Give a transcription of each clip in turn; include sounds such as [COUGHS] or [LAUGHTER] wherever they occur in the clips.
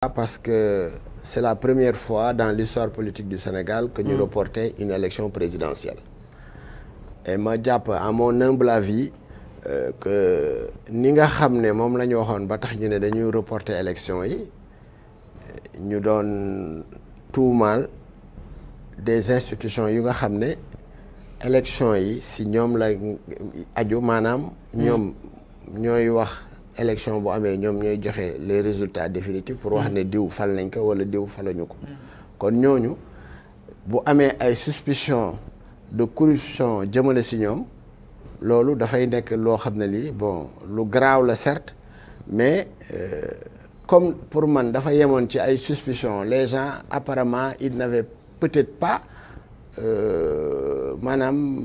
Ah, parce que c'est la première fois dans l'histoire politique du Sénégal que nous mm. reportons une élection présidentielle. Et Madiap, à mon humble avis, euh, que nous savons que nous reporter reporté l'élection, nous donne tout mal des institutions qui xamné que l'élection, si nous avons, nous avons élection bu ont ñoom ñooy les résultats définitifs pour wax ne diw fal ou ko wala diw faluñu ko kon nous, bu avons ay suspicions de corruption de si ñoom loolu dafay nekk loo xam ne bon lu grave, la certes mais euh, comme pour man dafa yemoon ci ay suspicion les gens apparemment ils n'avaient peut-être pas euh,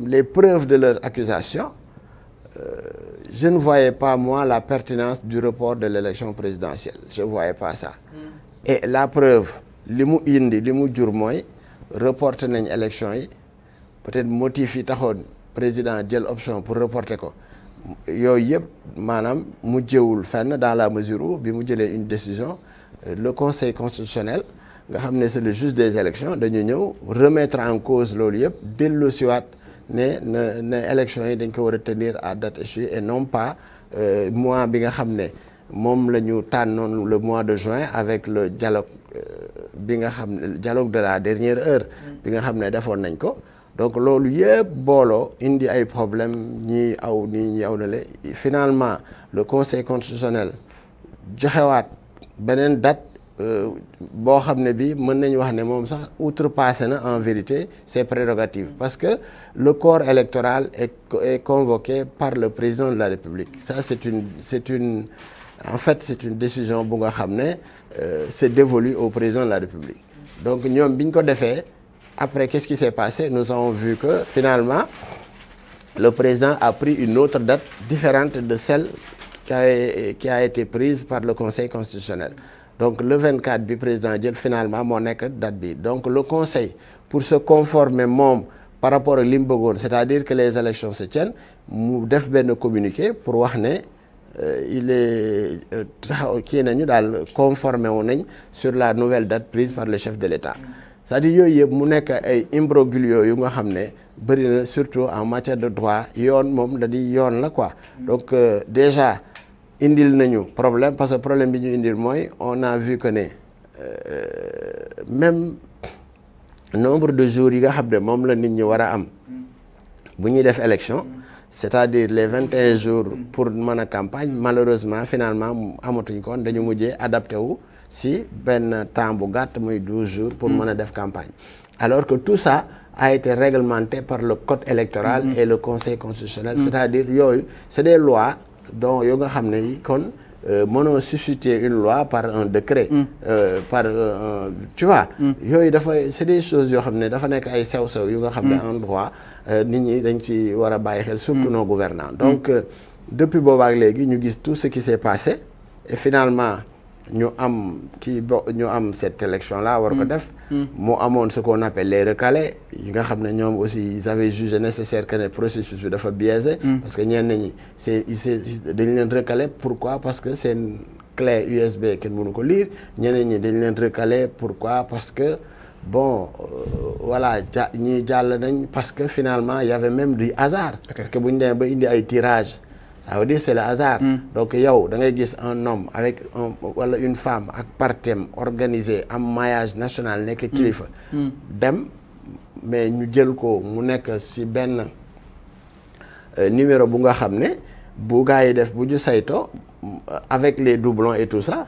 les preuves de leur accusation euh, je ne voyais pas, moi, la pertinence du report de l'élection présidentielle. Je ne voyais pas ça. Hmm. Et la preuve, ce qui indi le jur que élection peut-être motif le président de l'option pour reporter ko yooyu yëpp maanaam mu dans la mesure où bi mu une décision euh, le conseil constitutionnel le juge des élections dañu remettre en cause loolu dès le siwaat ne na ne élection yi dañ ko tenir à date échue et non pas euh, mois bi nga xam Mom moom le mois de juin avec le dialogue euh, bi nga dialogue de la dernière heure bi nga xam donc defoon nañ ko donc loolu yëpp indi ay problème ni aw ni ñi aw le finalement le conseil constitutionnel joxewaat beneen date bo xamné bi mën en vérité ses prérogatives parce que le corps électoral est, convoqué par le président de la République ça c'est une c'est une en fait c'est une décision bu nga xamné c'est euh, dévolu au président de la République donc ñom biñ ko fait. après qu'est-ce qui s'est passé nous avons vu que finalement le président a pris une autre date différente de celle qui a été prise par le Conseil constitutionnel donc le 24 du président jël finalement mon date donc le conseil pour se conformer membres par rapport à li c'est-à-dire que les élections se tiennent mu def communiquer pour voir ne euh, il est euh, conformé sur la nouvelle date prise par le chef de l'État c'est-à-dire qu'il mu surtout en matière de droit il moom donc euh, déjà indil nañu problème parce que problème bi ñu indil on a vu que même euh, même nombre de jours yi nga xam ne moom la nit ñi wara am bu def élection c'est-à-dire les 21 jours pour mën campagne malheureusement finalement amatuñ ko dañu mujjé adapté wu si ben temps bu gatt jours pour faire campagne alors que tout ça a été réglementé par le code électoral et le conseil constitutionnel c'est-à-dire que c'est des lois donc yo nga xamné kon euh, mënoo susciter une loi par un décret. Mm. Euh, par euh, tu vois. Mm. yoy dafa c'est des choses yo xamné dafa nek ay sew sew yo nga xam mm. en droit euh, nit ñi dañ ci wara baye xel. surtout nos gouvernants donc depuis bobak légui ñu gis tout ce qui s'est passé et finalement. Nous avons cette élection là war ko mm. Mm. ce qu'on appelle les recalés yi aussi ils avaient jugé nécessaire que le processus soit biaisé mm. parce que nous avons c'est recalés. pourquoi parce que une clé USB que nous ko lire Nous avons dañ leen recalé pourquoi parce que bon euh, voilà avons ñii parce que finalement il y avait même du hasard parce que nous avons eu des tirages ça veut dire que c'est le hasard. Hmm. donc yow y a un homme avec une femme ak partem organisé un maillage national nekk hmm. kilifa. Hmm. mais nous jël ko mu nekk euh, numéro bu nga xam ne bu si def euh, avec les doublons et tout ça.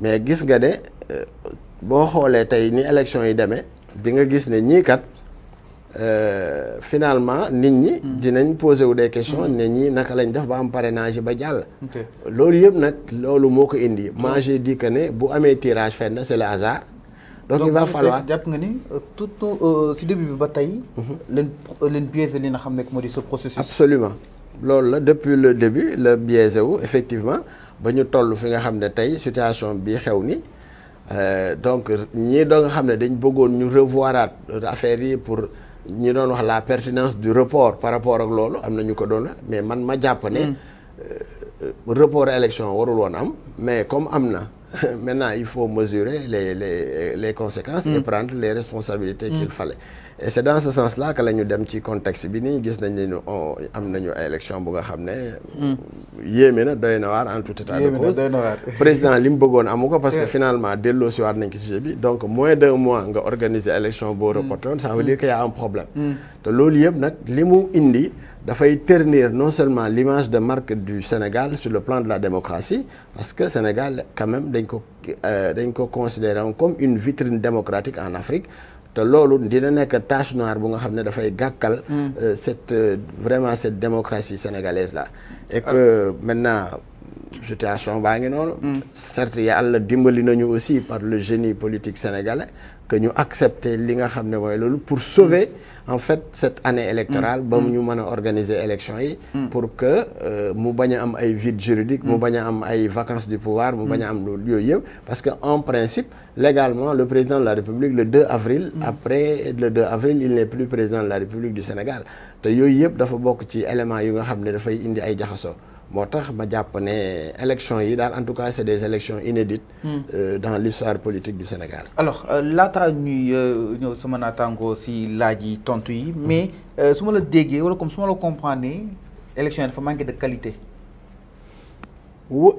mais gis nga ne euh, bo xolé tay ni élection yi demee di nga gis né ñi kat euh, finalement nit ñi. Hmm. dinañ posé wu des questions hmm. né ñi naka lañ def ba am parrainage ba jall lolu yëpp nak lolu moko indi. Hmm. moi j'ai dit que ne bu amé tirage fenn c'est le hasard. donc il va falloir japp nga ni euh, tout ci début bi ba tey. Mhm. leen leen biaisé li nga xam ne ce processus. absolument lolu la depuis le début le biaisé wu effectivement bañu tollu fi nga xamné tay situation bi xew ni euh, donc ñi do nga xamné ne dañ bëggoon ñu revoiraat affaire yi pour ñi doon wax la pertinence du report par rapport ak loolu am na ñu ko doon mais man ma jàpp ne mm. euh, report élection warul woon am mais comme am na [LAUGHS] Maintenant, il faut mesurer les, les, conséquences et mm. prendre les responsabilités mm. qu'il fallait. Et c'est dans ce sens-là que nous avons un contexte. Nous avons une élection qui est mm. en tout état de cause. Le [LAUGHS] président Limbogon a parce que finalement, dès le soir, donc moins d'un mois, on organisé l'élection pour reporter, ça veut dire qu'il y a un problème. Donc, ce qui est indi, faut tenir non seulement l'image de marque du Sénégal sur le plan de la démocratie parce que le Sénégal quand même dañ ko euh, considéré comme une vitrine démocratique en Afrique te dina tache noire bu nga mm. euh, euh, vraiment cette démocratie sénégalaise là et ah. que maintenant situation baa ngi noonu certes yàlla dimbali nañu aussi par le génie politique sénégalais que nous acceptons li nga xam pour sauver en fait cette année électorale ba nous ñu organiser pour que euh, mu ait un vide juridique mu bañ des am vacances du pouvoir mu parce qu'en principe légalement le président de la République le 2 avril après le 2 avril il n'est plus président de la République du Sénégal donc il y dafa bokk ci éléments yu nga en ne dafay motax ma japp né élection yi dal en tout cas c'est des élections inédites hmm. euh, dans l'histoire politique du Sénégal alors euh, là ñuy euh, ñëw sama naataango si laaji tontu yi hmm. mais su ma la déggee wala comme suma ma la comprendre élection il dafa manqué de qualité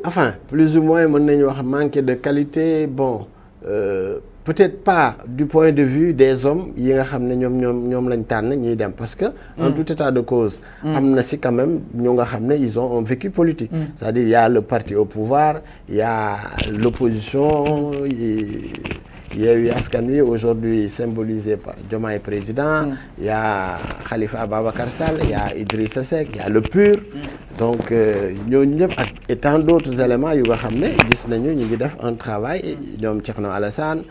enfin plus ou moins mën nañu wax manqué de qualité bon euh, peut-être pas du point de vue des hommes yi nga xamné ñom ñom parce que. en mm. tout état de cause. Mm. quand même ils ont un vécu politique. Mm. c'est-à-dire il y a le parti au pouvoir il y a l'opposition. Il y a eu Askanui, aujourd'hui symbolisé par et président, mm. il y a Khalifa Ababa Karsal, il y a Idriss Seck, il y a Le Pur. Mm. Donc, euh, nous, et tant d'autres éléments, nous avons un travail, nous avons Alassane, mm.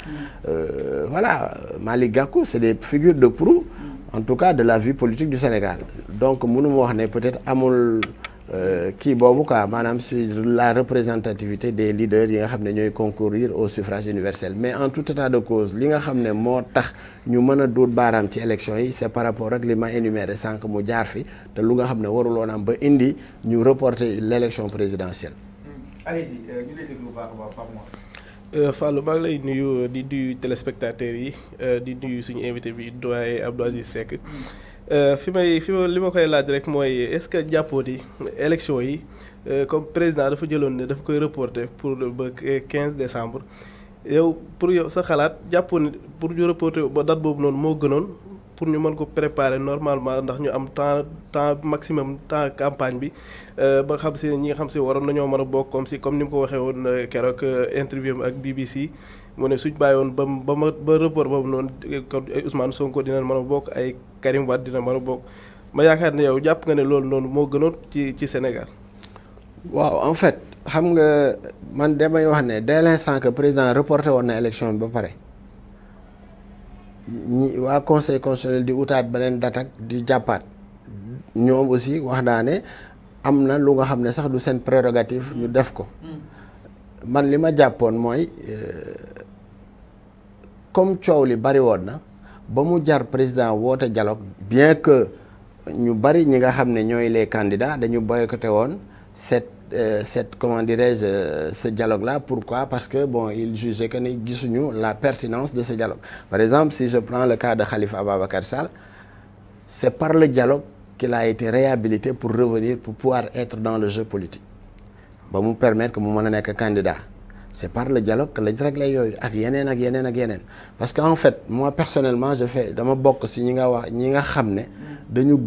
euh, voilà, Malik Gakou, c'est des figures de proue, en tout cas de la vie politique du Sénégal. Donc, nous avons peut-être amul. Qui euh, boobu quoi maanaam sur la représentativité des leaders yi nga xam ne ñooy concourir au suffrage universel mais en tout état de cause li nga xamné ne tax ñu mëna doot baram ci élection yi c'est par rapport ak li ma énuméré sank mu jaar fi té lu nga xamné ne waruloon am ba indi ñu reporter l'élection présidentielle. Mm. allez-y euh, ñu lay déglu bu baax baax par moi. Euh, Fallou maa ngi lay nuyu di du téléspectateurs yi di nuyu suñu invité bi doyen Abdou Aziz Seck. Mm. Euh, fi may fi ma li ma koy laaj rek mooy est-ce que jàppoo ni élection yi euh, comme président dafa jëloon ne dafa koy reporter pour ba quinze décembre yow pour yow sa xalaat jàppoo pour ñu reporter ba dat boobu noonu moo gënoon pour ñu mën ko préparer normalement ndax ñu am temps temps maximum temps campagne bi euh, ba xam si ñi nga xam si waroon nañoo mën a bokk comme si comme ni mu ko waxee woon euh, keroog euh, interview ak BBC mu ne suñ bàyyi woon ba ba ma ba rapport boobu noonu kon Ousmane Sonko dina mën a bokk ay Karim Wade dina mën a bokk ma yaakaar ne yow jàpp nga ne loolu noonu moo gënoon ci ci Sénégal. waaw en fait xam nga man damay wax ne dès l'instant que président reporté woon na élection bi ba pare. ñi waa conseil constitutionnel di wutaat beneen date ak di jàppaat ñoom aussi wax naa ne am na lu nga xam ne sax du seen prérogative ñu def ko man li ma jàppoon mooy euh, comme coow li bari woon na ba mu jar président woote dialogue bien que ñu bari ñi nga xam ne ñooy les candidats dañu boycotté woon cette Euh, cette, comment dirais-je, euh, ce dialogue-là. Pourquoi Parce que, bon, ils jugeaient que nous la pertinence de ce dialogue. Par exemple, si je prends le cas de Khalifa Ababakar Sal, c'est par le dialogue qu'il a été réhabilité pour revenir, pour pouvoir être dans le jeu politique. Pour nous permettre que nous soyons candidat. C'est par le dialogue que les règles sont Parce qu'en fait, moi personnellement, je fais, dans mon boc, si nous avons, nous avons, nous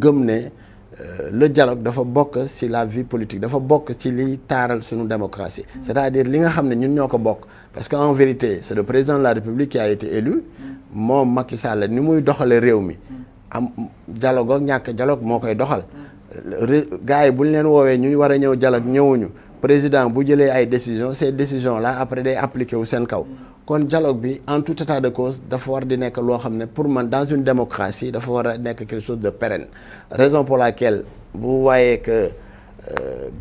euh, le dialogue dafa bokk ci la vie politique dafa bokk ci li taral suñu démocratie c'est-à-dire li nga xamné ne ñun ñoko ko bokk parce que en vérité c'est le président de la République qui a été élu mom Macky Sall ni muy doxale réew mi am dialogue ak ñak dialogue moo koy doxal gaay yi bu ñu leen woowee ñu wara ñew dialogue ñewuñu président bu jëlee ay décisions ces décisions là après day appliqué wu kaw kon dialogue bi en tout état de cause dafa war di loi loo pour man dans une démocratie dafa war quelque chose de pérenne raison pour laquelle vous voyez que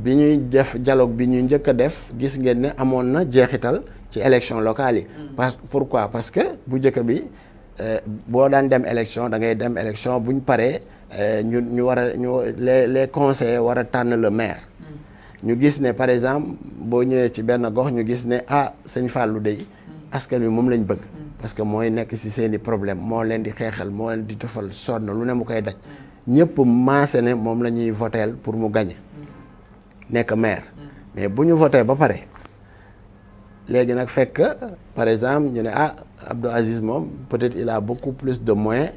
le euh, dialogue bi ñuy njëkk a def gis ngeen amon na jeexital ci élection locale mm. parce pourquoi parce que bu vous bi euh, boo daan dem élection da ngay dem élection vous euh, ñu ñu ñu les conseils conseillers war le maire. Mm. ñu gis ne par exemple boo ñëwee ci benn gox ñu gis ne ah sëñ Fallou dey askan wi moom lañ bëgg. parce que moy nek ci seeni problème mo leen di xéxal mo leen di tofal sonn lu ne mu koy daj. ñepp maase ne moom la ñuy voteel pour mu gagner nek maire. mais buñu voter ba paré légui nak fekk par exemple ñu né ah Abdou Aziz mom peut-être il a beaucoup plus de moyens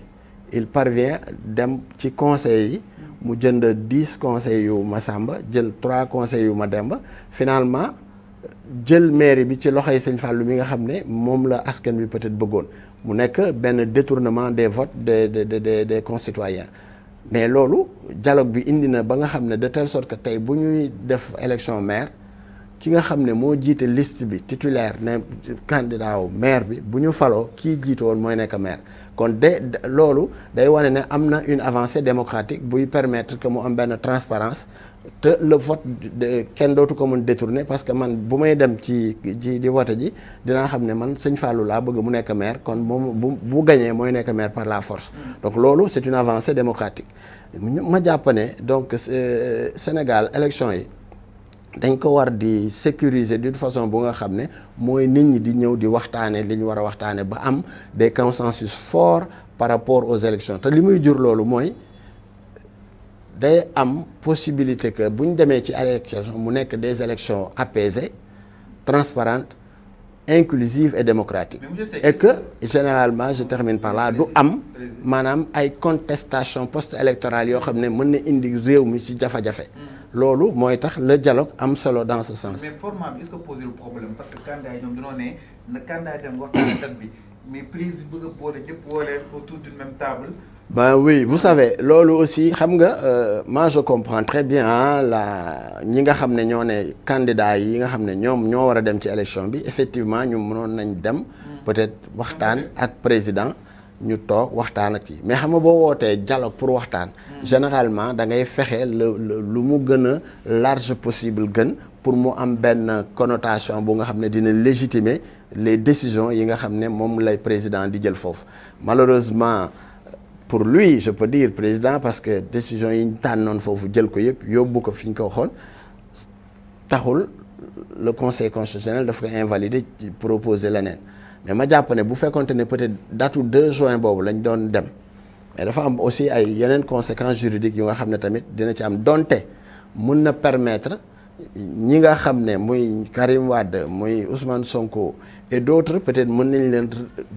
il parvient dem ci conseil yi. mu jënd 10 conseils yu Massamba jël 3 conseils yu ma demba finalement jël maire bi ci loxoy seigne fallu mi nga xamné mom la askan bi peut-être bëggoon mu nek ben, détournement des votes des des des des concitoyens mais lolu dialogue bi indi na ba nga xamné de telle sorte que tey bu ñuy def élection maire ki nga xamné mo jité liste bi titulaire né candidat au maire bi bu ñu faloo kii jiite woon mooy nekk maire kon de lolu day wone né amna une avancée démocratique buy permettre que mu am ben transparence te le vote de dootu ko mën détourné parce que man bu may dem ci ji di vote ji dina xamné man seigne Fallou la bëgg mu nekk maire kon bu bu gañee mooy nekk maire par la force. Mm. donc lolu c'est une avancée démocratique. ma jàpp donc euh, Sénégal élection yi dañ ko war di sécuriser d'une façon bu nga xamné moy mooy nit ñi di ñëw di waxtané li ñu war a ba am des consensus forts par rapport aux élections te li muy jur lolu moy day am possibilité que buñ démé ci élection mu nek des élections apaisées transparentes inclusives et démocratiques et que généralement je termine par là du am manam ay contestation post-électorale yo xamné ne mën na indi réew mi ci jafa jafe hmm. lolu moy tax le dialogue am solo dans ce sens mais format est-ce que pose le problème parce que candidat ñom ñoom dañoo ne le candidat dem waxtaan tan bi mais prise bëgg a boole ñëpp woole autour d'une même table ben oui, vous savez, lolo aussi, xam nga, euh, moi je comprends très bien hein, la ñi nga xamné ñoo né candidats yi nga xamné ñom ñoo wara dem ci élection bi effectivement ñu mënon nañ dem. Mm. peut-être waxtaan ak président ñu tok waxtaan ak yi mais xam nga boo wootee dialogue pour waxtaan. Mm. généralement da ngay fexe lu mu gëna large possible gën pour mu am benn connotation bu nga xamné ne dina légitimer les décisions yi nga xamné mom lay président di jël foofu malheureusement pour lui je peux dire président parce que décision est non, faut vous dire que yëpp yóbbu ko ko le conseil constitutionnel doit invalider et proposer naine. mais ma que si bu fekkonte ne peut-être du 2 juin boobu lañ doon dem mais y am aussi ay yeneen conséquences juridiques yu nga xam ne tamit dina ci permettre ñi nga xamné muy Karim Wade muy Ousmane Sonko et d'autres peut-être mën nañ leen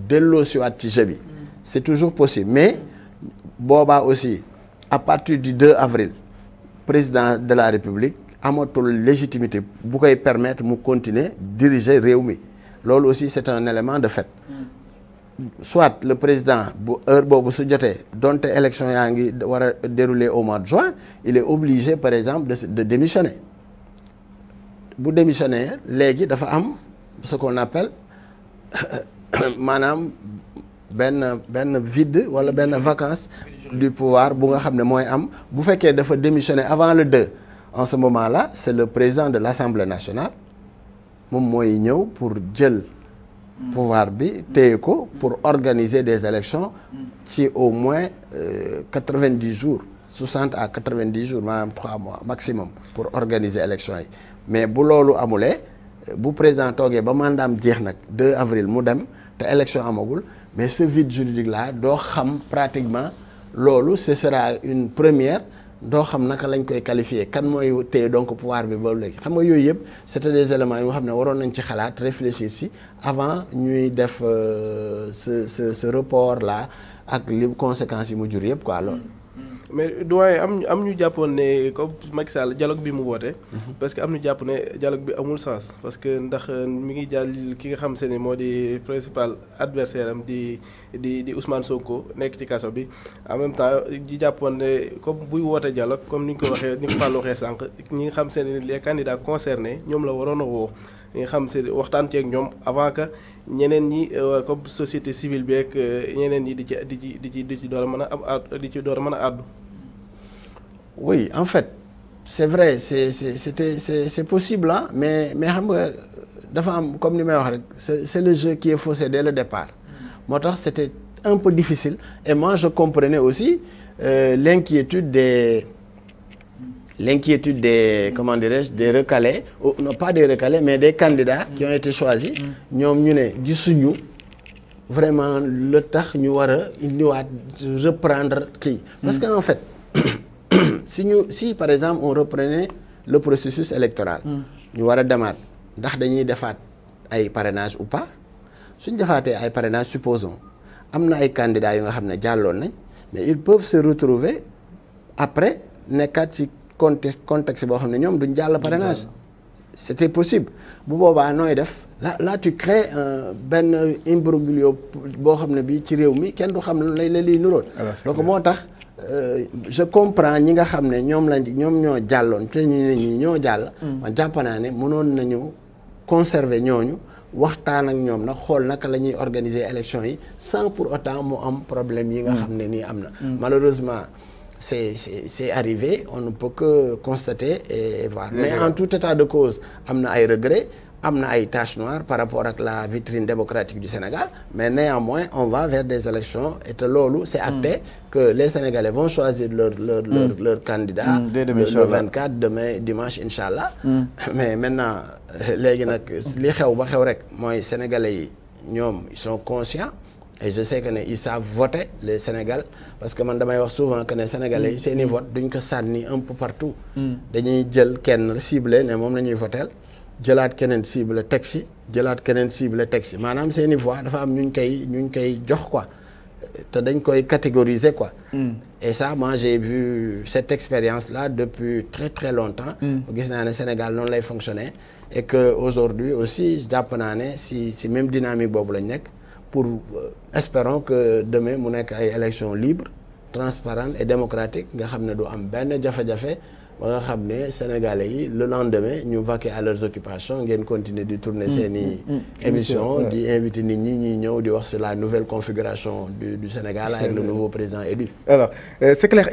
delloo siwaat ci jeu c'est toujours possible mais Boba aussi à partir du 2 avril président de la république a la légitimité pour permettre de continuer diriger Réumi. aussi c'est un élément de fait mm. soit le président bu heure est su dérouler au mois de juin il est obligé par exemple de démissionner Pour démissionner légui, de am ce qu'on appelle [COUGHS] Madame Ben vide wala Ben du pouvoir bu nga démissionner avant le 2 en ce moment là c'est le président de l'Assemblée nationale qui pour pouvoir bi pour organiser des élections qui au moins 90 euh, jours 60 à 90 jours même 3 mois maximum pour organiser élections mais bu président ba 2 avril mu dem élection mais ce vide juridique là doit pratiquement loolu ce sera une première do xam naka lañ koy qualifier kan moy téye donc pouvoir bi ba léegi xam nga yoy yeb c'était des éléments yo xam ne waroon nañ ci xalaat réfléchir ci avant ñuy def euh, ce ce ce report là ak li conséquences yi mu jur yeb quoi loolu. mais doyen am am ñu jàppoon ne comme Macky Sall dialogue bi mu woote. Mhm. parce que am ñu jàpp ne dialogue bi amul sens. parce que ndax euh, mi ngi jàll ki nga xam se ne moo di principal adversaire am di di di Ousmane Sonko nekk ci kaso bi en même temps ñu jàppoon ne comme buy woote dialogue comme ni ñu ko waxee ni ko waxee sànq ñi nga xam se ne les candidats concernés ñoom la waroon a woo. nga xam si waxtaan ceeg ñoom avant que ñeneen ñi euh, comme société civile bi ak euh, ñeneen ñi di ci di ci di ci di ci door a mën a am di ci door a mën a àddu Oui, en fait, c'est vrai, c'est possible, hein, mais, mais comme c'est le jeu qui est faussé dès le départ. Mm. C'était un peu difficile. Et moi, je comprenais aussi euh, l'inquiétude des l'inquiétude des, comment dirais des recalés, non pas des recalés, mais des candidats qui ont été choisis. Mm. Nous avons vraiment le temps de reprendre qui. Parce mm. qu'en fait, si par exemple on reprenait le processus électoral. nous hmm. war que, demaat ndax dañuy fait parrainage ou pas si avons fait des parrainage supposons y avons des candidats qui ont xam ne mais ils peuvent se retrouver après dans le contexte contexte où xam ne ñoom duñ parrainage. c'était possible bu on a def là là tu crées un imbroglio qui xam ne bii ci réew mi du xam donc moo euh, je comprends ñi nga xamné ñom mm. conserver organiser sans pour autant problème mm. mm. malheureusement c'est arrivé on ne peut que constater et voir. mais en tout état de cause amna ay regrets y a ay tâche noire par rapport à la vitrine démocratique du Sénégal mais néanmoins on va vers des élections et lolu c'est acté mm. que les Sénégalais vont choisir leur leur leur mm. candidat mm. le 24 demain dimanche Inch'Allah. [LAUGHS] mais maintenant euh, les li xew ba Sénégalais ils sont conscients et je sais qu'ils savent voter les Sénégal parce que man damay wax souvent que les Sénégalais ils ne vote duñ ko un peu partout dañuy jël kenn ciblé ne mom lañuy voter jëlaat keneen cible teg si jëlaat keneen cible teg si maanaam seen i voix dafa am ñu ñu koy ñu ñu koy jox quoi te dañ koy catégoriser quoi. Mm. et ça moi j'ai vu cette expérience là depuis très très longtemps. Mm. gis naa ne Sénégal noonu lay fonctionner. et que aujourd'hui aussi jàpp naa ne si si même dynamique boobu lañ nekk pour euh, espérons que demain mu nekk ay élections libres transparentes et démocratiques nga xam ne du am benn jafe-jafe sénégalais le lendemain nous vaquer à leurs occupations nous continuer de tourner ces mm, mm, mm, émission d'inviter les gens ñi voir sur la nouvelle configuration du du Sénégal avec le nouveau président élu alors euh, c'est clair